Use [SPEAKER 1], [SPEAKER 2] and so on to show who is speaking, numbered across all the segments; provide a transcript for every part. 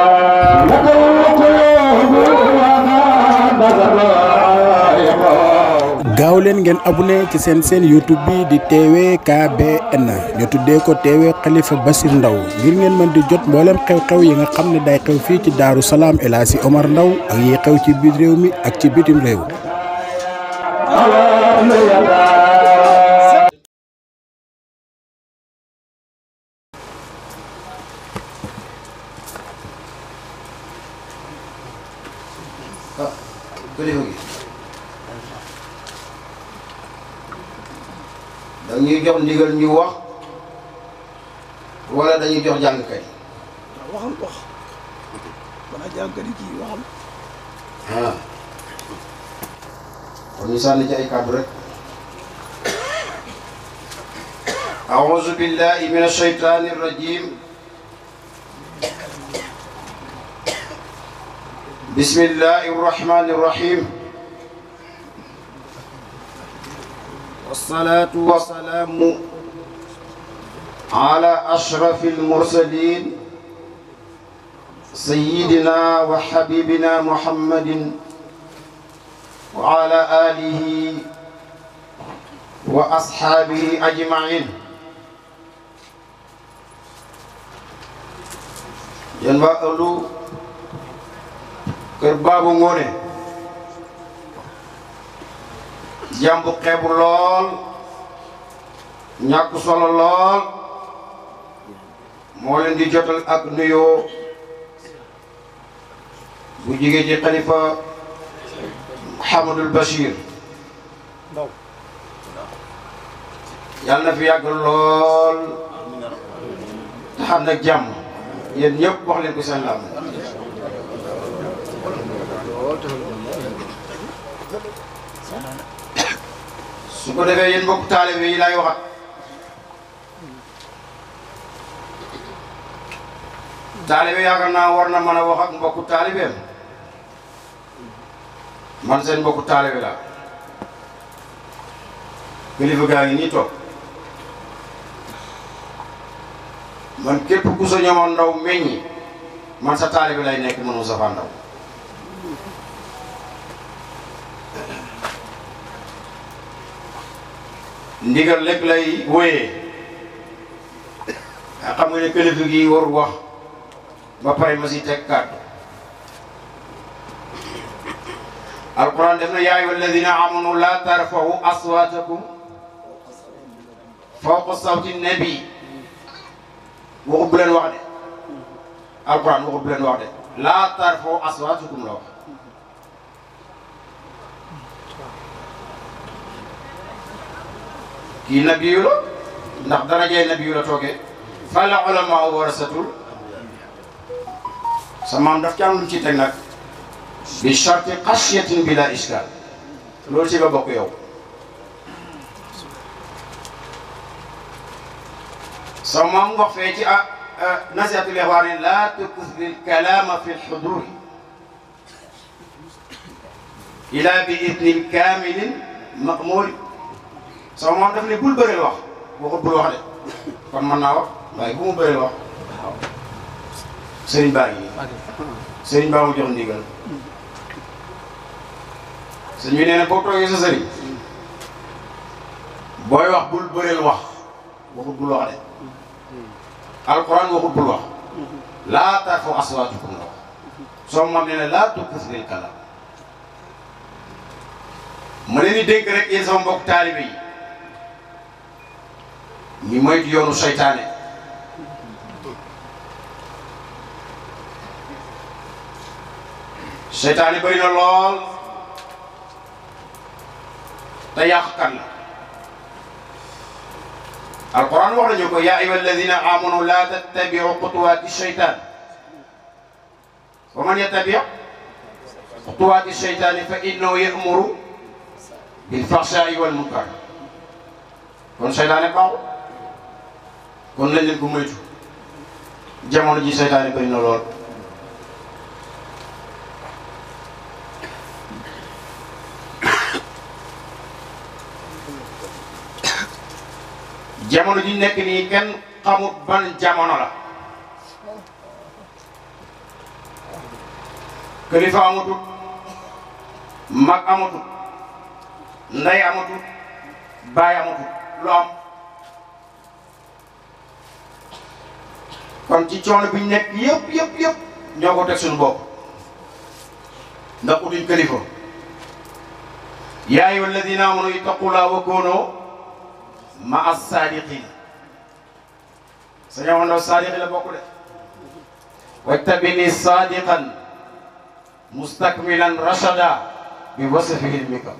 [SPEAKER 1] gaawleen leen ngeen abonné ci seen seen YouTube bi di tvkbn ñu tuddee ko TV Khalifa Bassir Ndaw ngir ngeen mën di jot mboolem xew-xew yi nga xam ne day xew fii ci Daaru Salaam El Hadji Omar Ndaw ak yi xew ci biir réew mi ak ci bitim réew ndigal ñu wax wala dañuy jox jàngkat yi. waaw waxal wax man a jàngkat yi kii waxal. ah kon ñu sànni ci ay kàddu rek. أعوذ بالله من الشيطان الرجيم بسم الله الرحمن الرحيم والصلاة والسلام على أشرف المرسلين سيدنا وحبيبنا محمد وعلى آله وأصحابه أجمعين جنبا ألو كربابو kër jàm bu xeebu lool ñàkk solo lool moo leen di jotal ak nuyoo bu jigee ci xalifa Mouhamadul Bachir yàlla na fi yàgg lool te xam nag jàmm yéen ñëpp wax leen ko seen làmm su ko defee yéen mbokk taalibe yi lay waxat taalibe yaakaar naa war na mën a wax ak mbokku taalibeem man seen mbokku taalibe la kilifa gaa ngi nii toog man képp ku sa ñomoon ndaw meññi man sa taalibe lay nekk mënu sa fa ndaw ndigal lépp lay wóyee nga ah, xam nga ne kilifa gi warul wax ba pare ma si teg kàddu alquran def na yaa ayyuha alladina la tarfau aswatakum fawqa sawti nabi waxut bu leen wax de alquran waxut bu leen wax de la tarfau aswatakum kii nabiyu la ndax darajee nabiyu la toogee fal ulamaa warasatul sa maam daf ci am lu ci teg nag bi sharti xasiyatin bi la iskal loolu ci nga bokk yow sa maam wax fee ci ah nasihatul ixwaan laa tukthir kalaama fi lxuduri ila bi idnin kaamilin maamuri soo moom daf ne bul bëreel wax waxut bul wax de kon mën naa wax waaye bu mu bëreel wax waxut bul wax de alquran waxut bul wax laa tarfu aswaatukum la wax soo moom nee na laa tukkis lil kalaam ma leen di dénk rek yéen sama mbokk taalibe yi ñu moytu yoonu seytaane seytaane bëri na lool te yàqkan la alquran wax nañu ko yaa ayuha alladina amanu la tattabiu xutuwaati seytaan wa man yattabiu xutuwaati seytaani fa innahu yamuru bilfaxsaai walmunkar kon seytaane baaxul kon nañ leen ko moytu jamono ji seytaane bëri na lool jamono ji nekk nii kenn xamut ban jamono la kilifa amatut mag amatut ndey amatut baay amatut lu am kon ci coono bi ñu nekk yëpp yëpp yëpp ñoo ko teg suñu bopp ndax utuñ kalifa yaa ayyuha alladina amanu ittaqullaha wa kunu ma as-saadiqin sañoo woon na saadiqi la bokk de wajtabini saadiqan mustakmilan rashada bi wasfi ilmika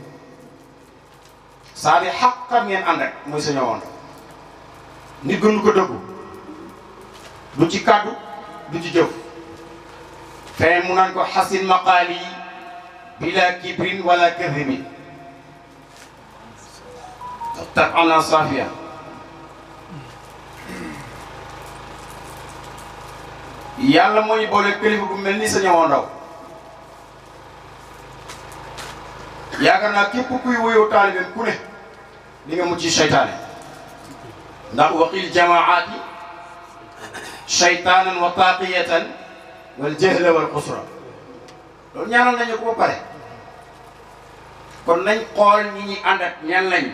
[SPEAKER 1] saadiq xaqan ngeen ànd ak mooy sañoo woon nit gën ko dëggu du ci kaddu du ci jëf feneen mu naan ko xasin maqaali bila kibrin wala kadibin tax ana safia yàlla moo ñu boole kilifa gu mel ni sa ñëwoon ndaw yaakaar naa képp kuy wuyoo taalibeem ku ne di nga mucc seytaane ndax waqil jamaati shaytaanan wa taaqiyatan wal jahla wal xusra loolu ñaanal nañu ko ba pare kon nañ xool ñi ñuy ànd ak ñan lañ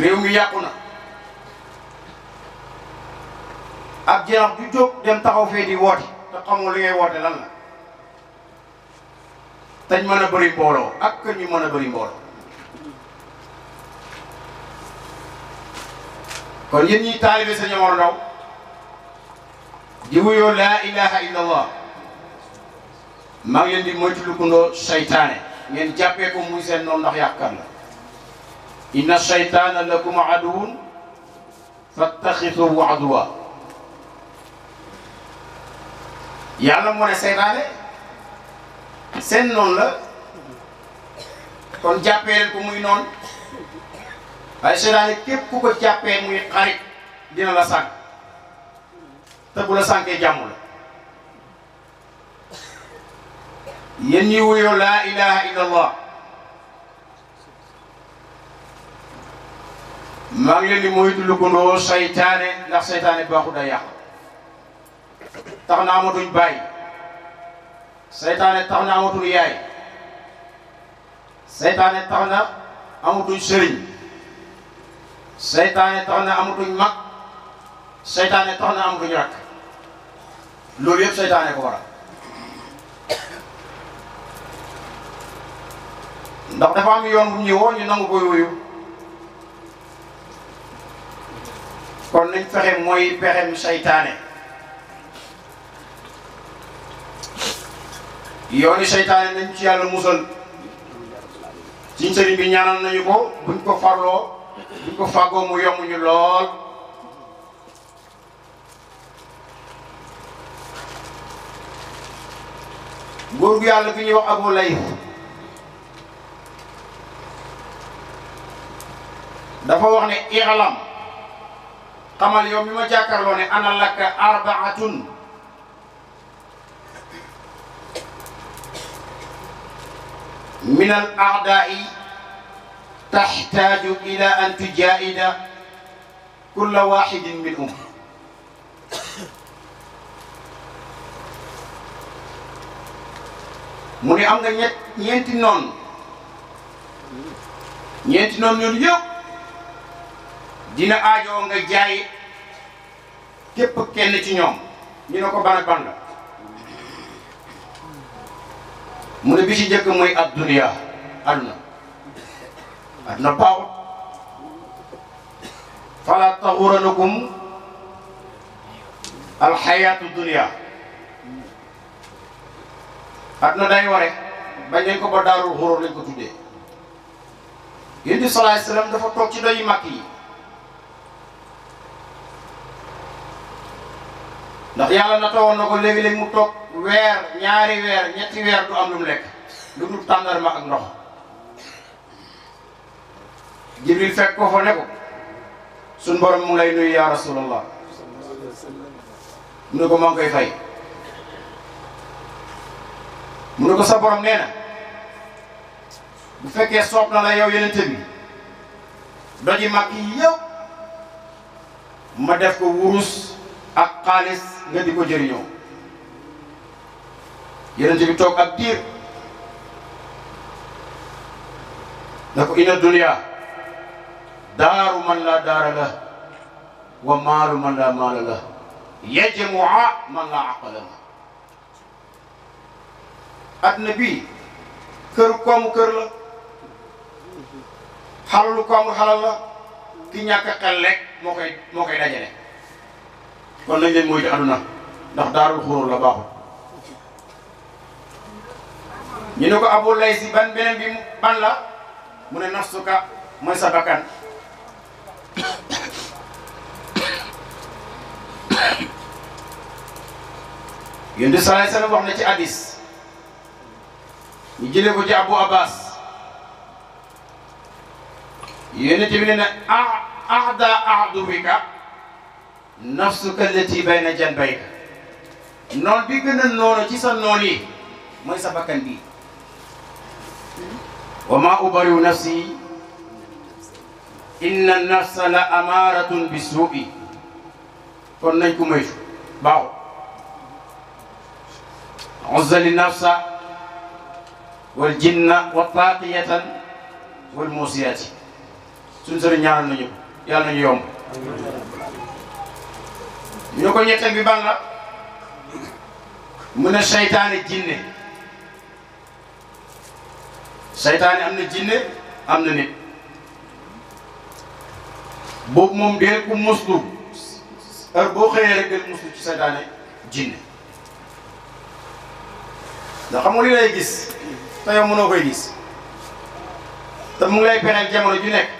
[SPEAKER 1] réew mi yàqu na ab jarax du dem taxaw fee di woote te xamoo li ngay woote lan la tañ mën ak ñu mën a bëri kon yéen ñi taalibe sëñ Omar Ndaw di wuyoo laa ilaha illa allah maa ngi leen di moytulikundoo saytaane ngeen jàppee ko muy seen noonu ndax yàkkat la inna saytaana lakum aduwun fattaxisuhu aduwa yàlla moo ne saytaane seen noonu la kon jàppee leen ko muy noonu waaye seytaane képp ku ko jàppee muy xarit dina la sànq te bu la sànkee jàmm la yéen ñi wuyoo laa ilaha illa allah maa ngi leen di gundoo seytaane ndax seytaane baaxu da yàq tax na amatuñ bàyyi seytaane tax na amatuñ yaay seytaane tax na amatuñ sëriñ seytaane tax na amatuñ mag seytaane tax na amatuñ rakk loolu yëpp seytaane ko waral ndax dafa am yoon bu ñuy woo ñu nangu koy wuyu kon nañ fexe mooy pexem seytaane yooni seytaane nañ ci yàlla musal ci sëriñ bi ñaanal nañu ko buñ ko farloo di ko fàggoo mu lool nguur gu bi ñuy wax abu lay dafa wax ne ixlam xamal yow mi ma jàkkaarloo ne ana lakka arbaatun min al taxtaaju ila an tujaahida kulla waxidin minhum mu am nga ñett noon noonu ñeenti noonu ñun dina aajoo nga jaay képp kenn ci ñoom ñu ne ko ban ak ban la mu ne bi ci mooy ad adna paaw fala taxuranakum alxayaatu dunia adna day ware bañ nañ ko ba daarul xuróor lañ ko tuddee yéen di salaay salaam dafa toog ci doyu màkk yi ndax yàlla na tawoon na ko léegi-léegi mu toog weer ñaari weer ñetti weer du am lu mu lekk lu dul tàndarma ak ndox jibril fekk ko fa ne suñ borom mu ngi lay nuyu ya rasulallah mu ne ko maa koy fay mu ne ko sa borom nee na bu fekkee soob na la yow yenente bi doji mag yëpp ma def ko wurus ak xaalis nga di ko jëriñoo yenente bi toog ak diir na ko ina dunya daaru man laa daara la wa maalu man laa maala la yajmua man laa aqala la adduna bii kër koomu kër la xalalu koomu xalal la ki ñàkk xel rek moo koy moo koy dajale kon nañ leen mooy ci àdduna ndax daarul xuróor la baaxul ñu ne ko abu lay si ban beneen bi ban la mu ne nafsuka mooy sa bakkan yonent bi salaay salaam na ci hadis ñu jëlee ko ci Abu Abbas yonent bi ne na ahda ahduwika nafsuka allati bayna janbayka noon bi gën ci sa noon yi mooy sa bakkan bi wa ma nafsi إن النفس لأمارة بالسوء كن نيكم إيش باو عز للنفس والجن والطاقية والموسيات سنسر نيان نيو يال نيو يوم نيوكو نيتن ببان لا من الشيطان الجن الشيطان أمن الجن أمن نيو boobu moom dee ku muslu heure boo xëyee rek del muslu ci seytaane jinne ndax xam nga li lay gis te yow mënoo koy gis te mu ngi lay pexeel jamono ju nekk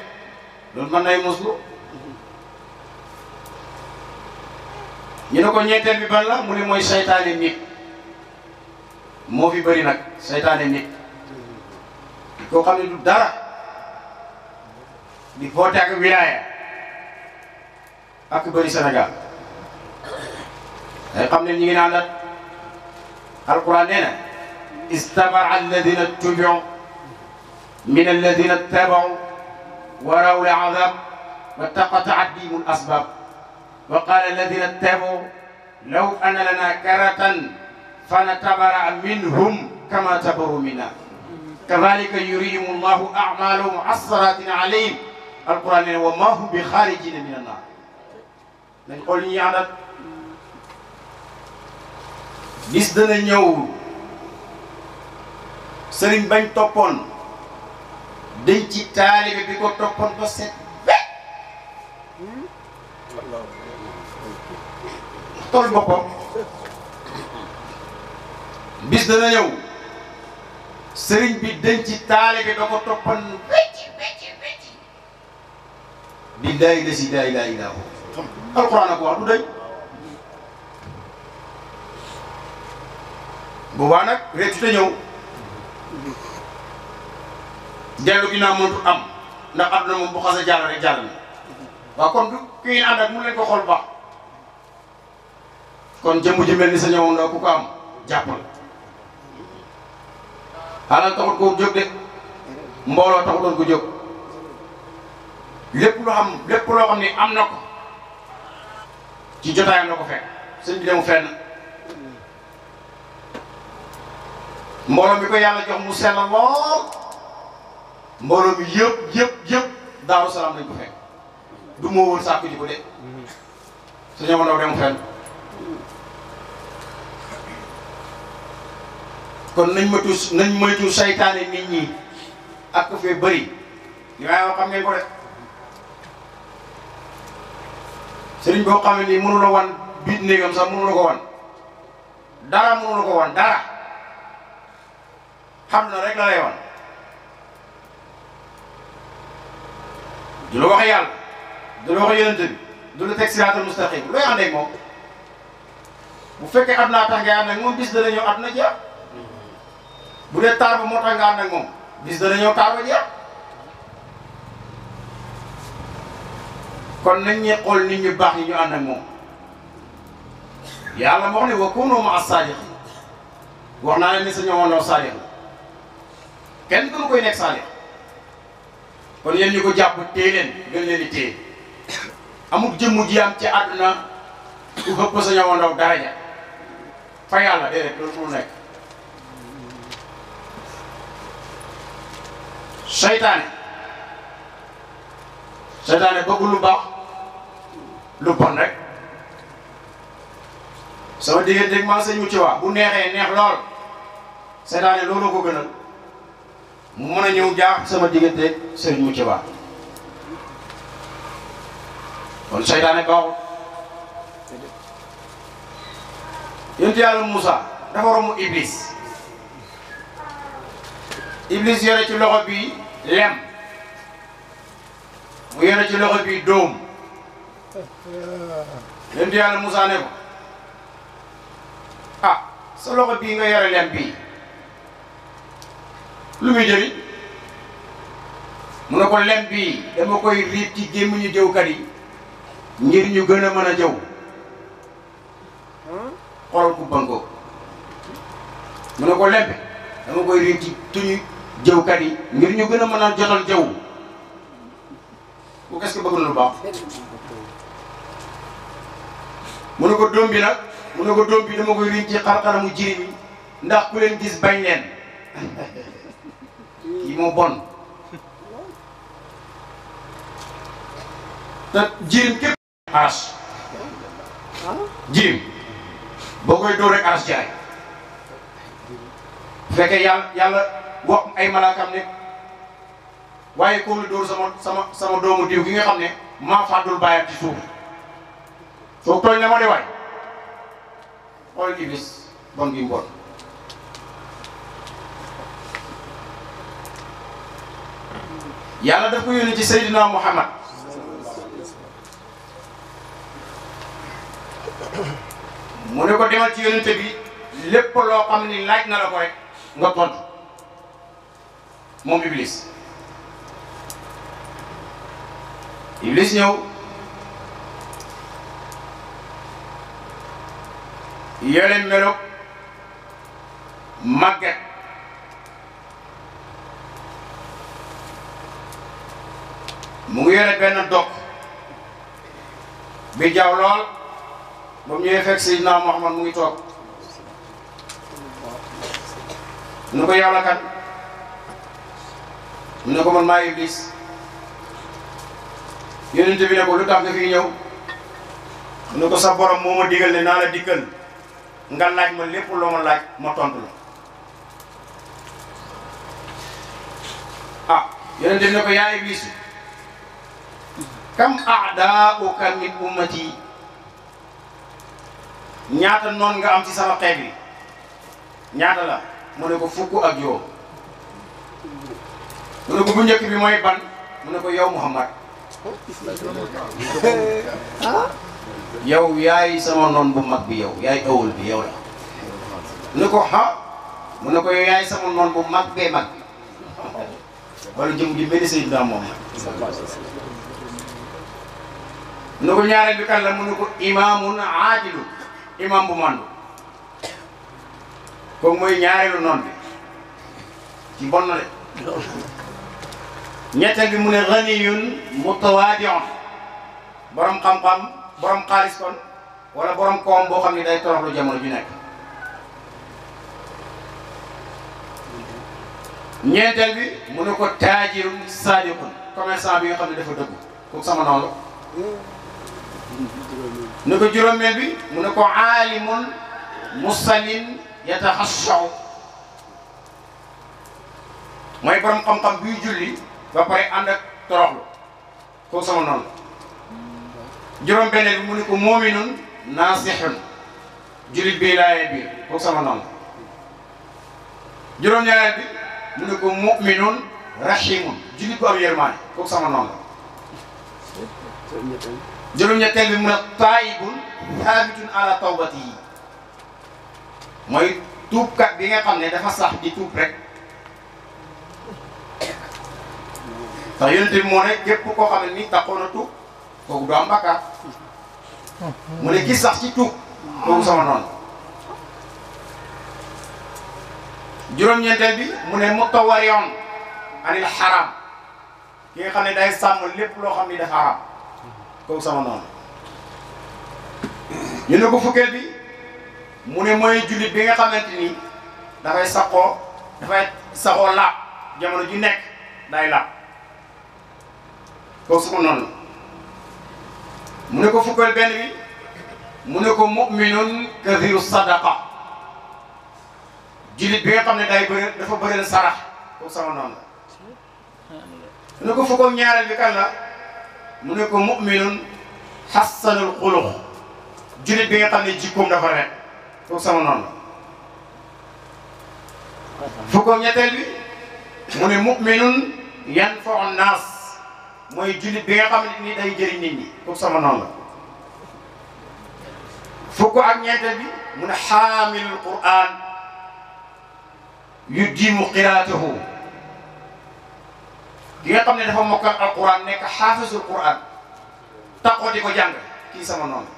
[SPEAKER 1] loolu mën nay muslu ñu ne ko ñeenteel bi ban la mu ne mooy seytaane nit moo fi bëri nag seytaane nit koo xam ne du dara di boote ak wilaaya ak bëri Sénégal day xam ne ñu ngi naan la alquran nee na istamaa alladina tubiu min alladina tabau wa raw l azab wa taqataat bihim al asbab wa qala alladina tabau law anna lana karatan fa natabara minhum kama tabaru minna kadalika yurihim allahu amalahum asaratin alayhim alquran nee na wa ma hum bi xaarijina min annar nañ xool ñu àndal bis dana ñëw sëriñ bañ toppoon dañ ci taalibe bi ko toppoon ba set be tool bis dana ñëw sëriñ bi dañ ci taalibe da ko toppoon wecci wecci wecci billahi lasi la ilaha illa alxuraan ak wax du day boobaa nag wetti ñëw dellu ginnaaw mënut am ndax àdduna moom bu xasee jàll rek na waaw kon du ki ngeen mun leen ko xool kon jëmm ji ni sa ñëwoon doo ku ko am jàppal xaaral taxut ko jóg de mbooloo taxutoon ko jóg lépp lu xam lépp loo xam ni am na ko ci jotaayam la ko fekk sëñ bi demu fenn mbooloo mi ko yàlla jox mu sell lool mbooloo mi yëpp yëpp yëpp daaru salaam ko fekk du moo woon sàkku ji ko de sëñ Omar Ndao demu fenn kon nañ moytu nañ moytu saytaane nit ñi ak ko fee bëri ñu waaye xam ngeen ko de sëriñ boo xam ne nii mënu la wan biit néegam sax mënu ko wan dara mënu ko wan dara xam na rek la lay wan du la wax yàlla du la wax yonent bi du la teg siraatal mustaqim looy ànd ak moom bu fekkee am naa tax ngay ànd ak moom bis dana ñëw at na jeex bu dee taar moo tax nga am ak moom bis dana ñëw taar ba jeex kon nañ ñuy xool nit ñu baax yi ñu ànd ak moom yàlla moo ne wa kunu ma as-saadiq wax naa leen ni sa ñëwoonoo saadiq kenn gënu koy nekk saadiq kon yéen ñu ko jàpp téye leen gën leen di téye amul jëmm ji ci àdduna ku xëpp sa ñëwoonoo daraja fa yàlla déedéet loolu mu nekk seytaane seytaane bëgg lu baax lu bon rek sama digganteeg man sëñ mu ci bu neexee neex lool seetaane loolu ko gënal mu mën a ñëw jaax sama digganteeg sëñ mu ci wax kon seytaane baaxul yonent yàlla Moussa dafa romb Iblis Iblis yore ci loxo bi lem mu yore ci loxo bi dóom leen di yàlla Moussa ne ko ah sa loxo bii nga yore lem bii lu muy jëriñ mu ne ko lem bii dama koy riib ci gémmiñu jëwkat yi ngir ñu gën a mën a jëw xool ku banko mu ne ko lem dama koy riib ci tuñu jëwkat yi ngir ñu gën a mën a jotal jëw bu qu'est-ce bëgg na lu baax mu ko doom bi nag mu ko doom bi dama koy riñ ci xar-xaramu jiri mi ndax ku leen gis bañ leen kii moo bon te jirim képp aas jirim boo koy dóor rek jaay fekkee yàlla yàlla wax ay malaakam ne waaye koo la dóor sama sama sama doomu diw gi nga xam ne maa fàddul bàyyam ci suuf foog tooñ na ma de waay xool ci bis bon gi bon yàlla daf ko yónni ci Seydina Muhammad mu ne ko demal ci yónnente bi lépp loo xam ni laaj na la ko nga tontu moom Iblis Iblis ñëw. yore melo màgget mu ngi yore benn dog bi jaaw lool ba mu ñëwee fekk Seydina Muhammad mu ngi toog nu ko yàlla mu ne ko man maa iblis yonent bi ne ko lu tax nga fi ñëw mu ne ko sa borom moom ma digal ne naa la dikkal nga laaj ma lépp loo ma laaj ma tontu la ah yonent bi ne ko yaa Iblis kam aadaauka min ummati ñaata noon nga am ci sama xeet bi ñaata la mu ne ko fukk ak yow mu ne ko bu njëkk bi mooy ban mu ne ko yow Muhammad ah? yow yaay sama noon bu mag bi yow yaay ëwul bi yow la nu ko xa mu ne ko yaay sama noon bu mag bee mag bi wala jëm ji mel Seydina moom nu ko ñaareel bi kan mu ne ko imaamun aadilu imaam bu mandu kooku mooy ñaareelu noon bi na de ñetteel bi mu ne ganiyun mutawaadiun borom xam-xam borom xaalis kon wala borom koom boo xam ne day toroxlu jamono ju nekk ñeenteel bi mu ko taajirum saadiqun commerçant bi xam ne dafa dëgg kooku sama noonu la ne ko juróomeel bi mu ne ko aalimun musallin yataxashaw mooy borom xam-xam biy julli ba pare ànd ak toroxlu kooku sama noonu juróom benn bi mu ni ko moominun naasixun jurit bi laaye biir foog sama noonu juróom ñetteel bi mu ne taayibun thaabitun ala tawbati yi mooy tuubkat bi nga xam ne dafa sax di tuub rek ndax yonent moo ne képp koo xam ne ni taxoon na tuub kooku du am bakkaar mu ne gis sax ci tuub kooku sama noonu juróom-ñeenteel bi mu ne mutawarion anil xaram ki nga xam ne day sàmm lépp loo xam ni dafa xaram noonu ñu ne ko fukkeel bi mu ne mooy jullit bi nga xamante ni dafay saxoo dafay saxoo laab jamono ji nekk day laab kooku sama noonu mu ne ko fukkal benn bi mu ne ko muminun kathiru sadaqa jullit bi nga xam ne day bëri dafa bëri sarax kooku sama noonu la mu ne ko fukkal ñaareel bi kan la mu ne ko muminun xassanul xulux jullit bi nga xam ne jikkoom dafa rek kooku sama noonu la fukkal ñetteel bi mu ne muminun yanfau naas mooy jullit bi nga xam ne ni day jëriñ nit ñi sama noon la fukk ak ñeenteel bi mu ne xaamilul quran yu diimu qiraatahu ki nga xam ne dafa mokkal alquran nekk xaafisul quran taqoo di ko jàng kii sama noonu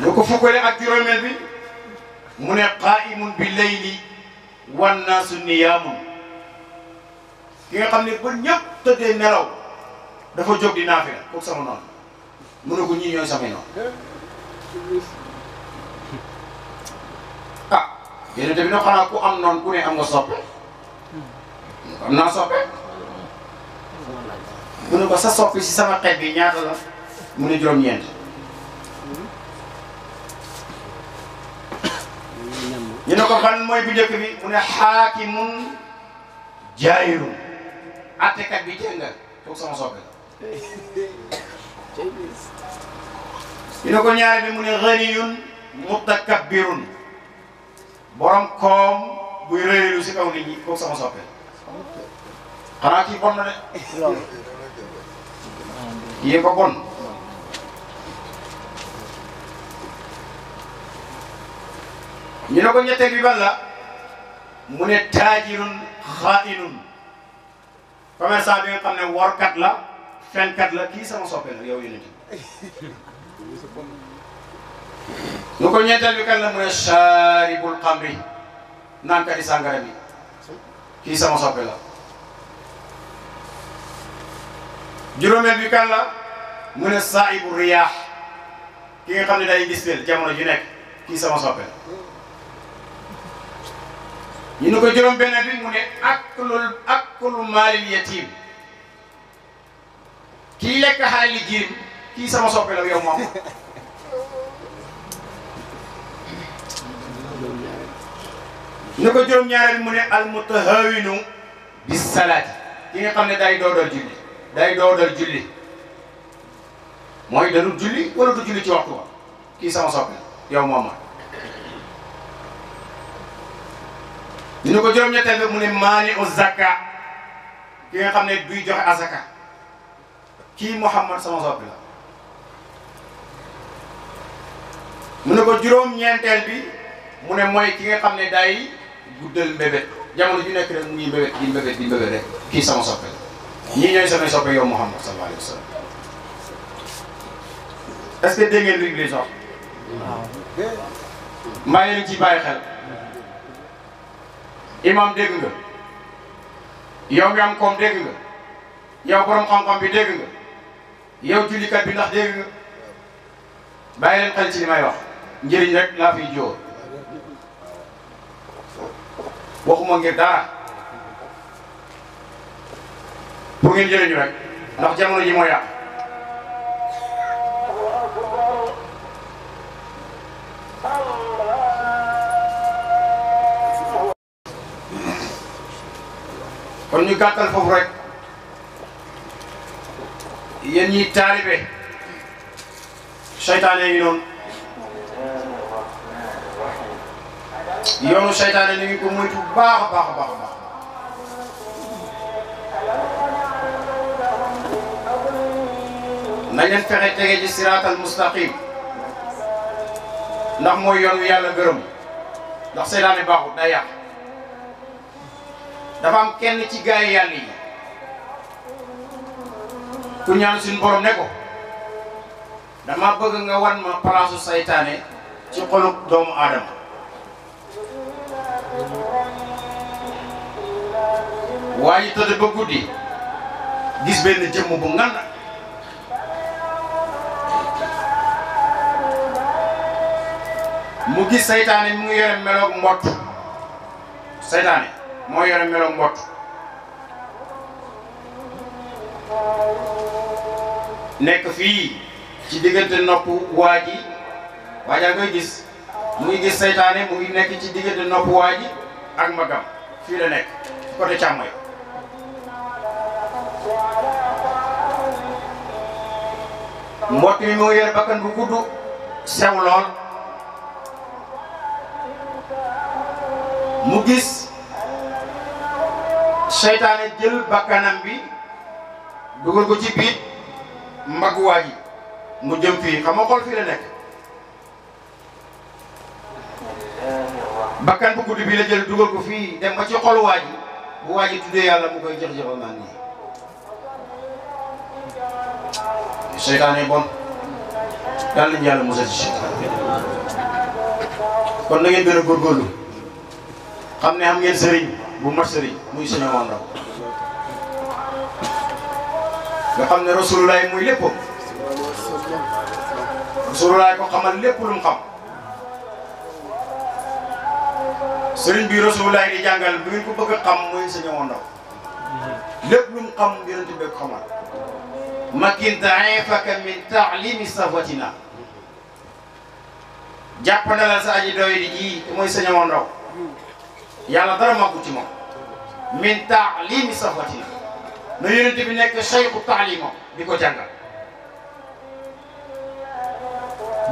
[SPEAKER 1] lu ko fukkale ak juróomeel bi mu ne qaa'imun bi layli wan naa su niyaamun ki nga xam ne ba ñëpp tëddee nelaw dafa jóg di naafila kooku sama noonu mu ko ñii ñooy samay noonu ah yéen tamit nag xanaa ku am noonu ku ne am nga soppe am naa soppe ne ko sa soppi si sama xeet bi ñaata la mu ne juróom-ñeent ñu ne ko ban mooy bu njëkk bi mu ne xaakimun jaayirun attekat bi jëngal foog sama soppe ñu ne ko ñaar bi mu ne xaniyun mutakabbirun borom koom buy rëylu si kaw nit ñi foog sama soppe xanaa bon na de ko bon ñu ne ko ñetteel bi ban la mu ne taajirun xaainun commerçant bi nga xam ne warkat la fenkat la kii sama soppe la yow yonent bi ñu ko ñetteel bi kan la mu ne saaribul xamri naan kati sàngara bi kii sama soppe la juróomeel bi kan la mu ne saahibu riyaax ki nga xam ne day gis leen jamono ji nekk kii sama soppe ñu ne ko juróom benn bi mu ne aklul aklu maalil yatim kii lekk xalali jirim kii sama soppe la yow moom ko juróom ñaareel mu ne al mutahawinu bis salaati ki nga xam ne day doodal julli day doodal julli mooy dalul julli wala du julli ci yow moom ma ñu ne ko juróom-ñetteel bi mu ne maani u zakka ki nga xam ne duy joxe azaka kii Muhammad sama soppi la mu ne ko juróom-ñeenteel bi mu ne mooy ki nga xam ne day guddal mbébét jamono ju nekk rek mu ngi mbébét di mbébét di mbébét rek kii sama soppi la ñii ñooy samay soppi yow Muhammad sallallahu alayhi wa est-ce que dégg ngeen li ñu ngi leen ci bàyyi xel. imam dégg nga yow koom dégg nga yow borom xam-xam bi dégg nga yow jullikat bi ndax dégg nga bàyyi leen xel ci li may wax njëriñ rek laa fiy jóor waxuma ngir dara pour ngeen jëriñu rek ndax jamono ji ñu gàttal fofu rek yéen ñi talibé shaytané ñu non yoonu shaytané ñu ko moytu baax baax baax baax nañ leen fexe tege ci siraatal mustaqim ndax mooy yoonu yàlla gërëm ndax seytaane baaxut day yàq dafa am kenn ci gaay yalla yi ku ñaan suñu borom ne ko dama bëgg nga wan ma place saytane ci xolub doomu waye waaye de bëggu di gis benn jëm bu ngan mu gis saytane mu ngi yore melok mbott saytane moo yore melo mbot nekk fii ci diggante nopp waa ji waajaa ngay gis mu gis seytaane mu ngi nekk ci diggante nopp waa ji ak magam fii la nekk côté càmmoy mbott mi moo yor bakkan bu gudd sew lool mu gis seytaane jël bakkanam bi dugal ko ci biit mbagguwaa ji mu jëm fii xam nga xool fii la nekk bakkan bu guddi bii la jël dugal ko fii dem ba ci xol waa ji bu waa ji tuddee yàlla mu koy jëx-jëxal naan nii seytaane bon daal nañu yàlla musal ci seytaane kon na ngeen gën a góorgóorlu xam ne am ngeen sëriñ bu marsari muy suñu wàllam. nga xam ne rasulullah muy lépp. rasulullah ko xamal lépp lu xam. sëriñ bi rasulullah di jàngal bu ngeen ko bëgg xam muy suñu wàllam. lépp lu mu xam yonent ko xamal. makin daifaka min taalimi safwatina jàpp na la sa aji doy di ji mooy sëñ Awa Ndao yàlla dara màggu min taalimi sahwatina na yonent bi nekk cheikhu taalima di ko jàngal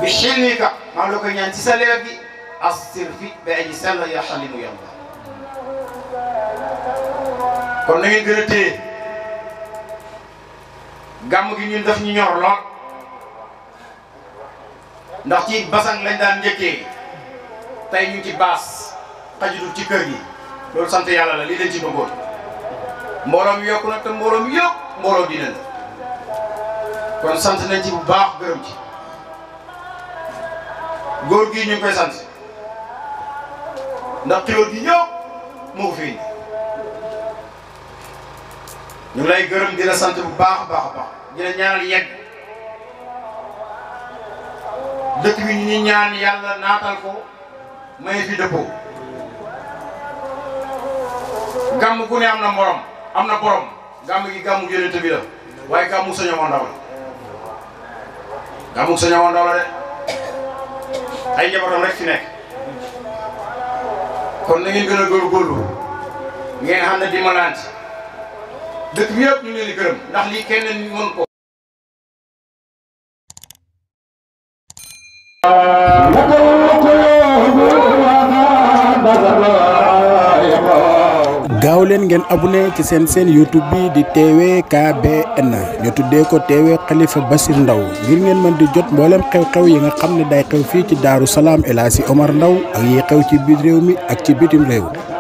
[SPEAKER 1] bi xilnika maa ngi la koy ñaan ci sa gi astir fi ba aji sell ya xalimu yàlla kon na ngeen gën gi ñun daf ñu ñor lool ndax ci basang lañ daan njëkkee tey ñu ci baas xajutul ci kër gi loolu sant yàlla la lii leen ci bëggoon mbooloo mi yokku nag te mbooloo mi yokk mbooloo dina la kon sant nañ ci bu baax gërëm ci góor gi ñu ngi koy sant ndax xéwal gi ñëw moo fi indi ñu lay gërëm di la sant bu baax baax baax di la ñaanal yegg dëkk bi ñu ñaan yàlla naatal ko may fi dëppoo. gàmm gu ne na morom am na borom gàmm gi gàmmu yonent bi waaye gàmmu sëñ Omar Ndao la gàmmu sëñ Omar de ay njabootam rek ci nekk kon na ngeen gën a góorgóorlu ngeen xam ne dimbalante dëkk bi yëpp ñu ngi leen di gërëm ndax lii kenn mënu ko gaaw leen ngeen abu abonné ci seen seen YouTube bi di TVKBN ñu tuddee ko TV Khalifa Bassir Ndaw ngir ngeen mën di jot mboolem xew-xew yi nga xam ne day xew fii ci Daaru Salaam El Hadji Omar Ndaw ak yi xew ci biir réew mi ak ci bitim réew